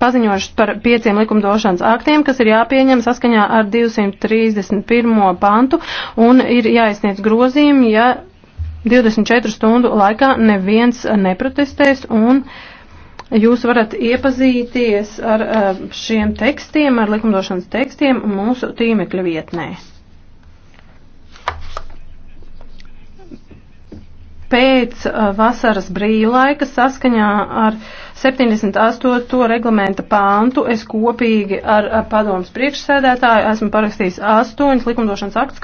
paziņojuši par pieciem likumdošanas aktiem, kas ir jāpieņem saskaņā ar 231. pantu un ir jāizsniedz grozījumi, ja 24 stundu laikā neviens neprotestēs un jūs varat iepazīties ar eh, šiem tekstiem, ar likumdošanas tekstiem mūsu tīmekļa vietnē. Pēc eh, vasaras brīvlaika saskaņā ar 78. reglamenta pāntu es kopīgi ar padomas priekšsēdētāju esmu parakstījis astoņas likumdošanas aktus,